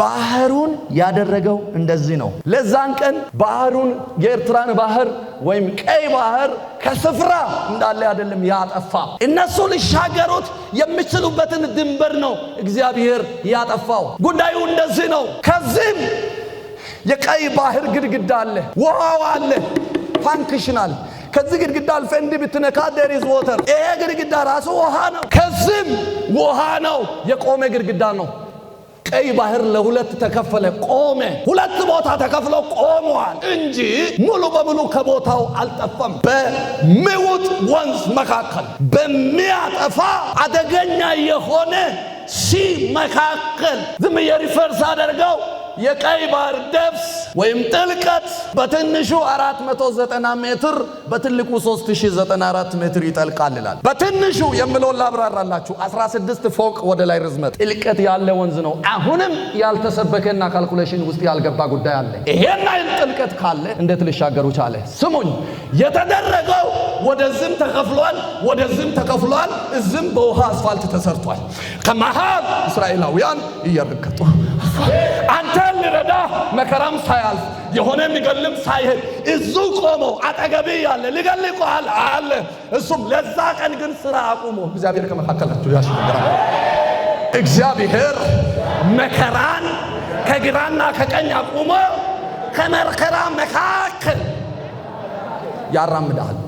ባህሩን ያደረገው እንደዚህ ነው። ለዛን ቀን ባህሩን የኤርትራን ባህር ወይም ቀይ ባህር ከስፍራ እንዳለ አይደለም ያጠፋ። እነሱ ሊሻገሩት የሚችሉበትን ድንበር ነው እግዚአብሔር ያጠፋው። ጉዳዩ እንደዚህ ነው። ከዚህም የቀይ ባህር ግድግዳ አለ፣ ውሃው አለ፣ ፋንክሽናል ከዚህ ግድግዳ አልፈ እንዲህ ብትነካ ዴር ኢዝ ዎተር። ይሄ ግድግዳ ራሱ ውሃ ነው። ከዚህም ውሃ ነው። የቆመ ግድግዳ ነው። ቀይ ባህር ለሁለት ተከፈለ፣ ቆመ። ሁለት ቦታ ተከፍሎ ቆመዋል እንጂ ሙሉ በሙሉ ከቦታው አልጠፋም። በሚውጥ ወንዝ መካከል በሚያጠፋ አደገኛ የሆነ ሲ መካከል ዝም የሪፈርስ አደርገው የቀይ ባህር ደብስ ወይም ጥልቀት በትንሹ 490 ሜትር በትልቁ 3094 ሜትር ይጠልቃል ይላል። በትንሹ የምለውን ላብራራላችሁ። 16 ፎቅ ወደ ላይ ርዝመት ጥልቀት ያለ ወንዝ ነው። አሁንም ያልተሰበከና ካልኩሌሽን ውስጥ ያልገባ ጉዳይ አለ። ይሄን አይነት ጥልቀት ካለ እንዴት ልሻገሩ ቻለ? ስሙኝ፣ የተደረገው ወደዝም ተከፍሏል፣ ወደዝም ተከፍሏል፣ እዝም በውሃ አስፋልት ተሰርቷል። ከመሃል እስራኤላውያን እያረገጡ ሳያልፍ አንተን ሊረዳ መከራም ሳያልፍ የሆነ የሚገልም ሳይሄድ እዙ ቆሞ አጠገብ ያለ ሊገል ቆል አለ። እሱም ለዛ ቀን ግን ስራ አቁሞ እግዚአብሔር ከመካከላችሁ ያሻግራል። እግዚአብሔር መከራን ከግራና ከቀኝ አቁሞ ከመከራ መካከል ያራምዳል።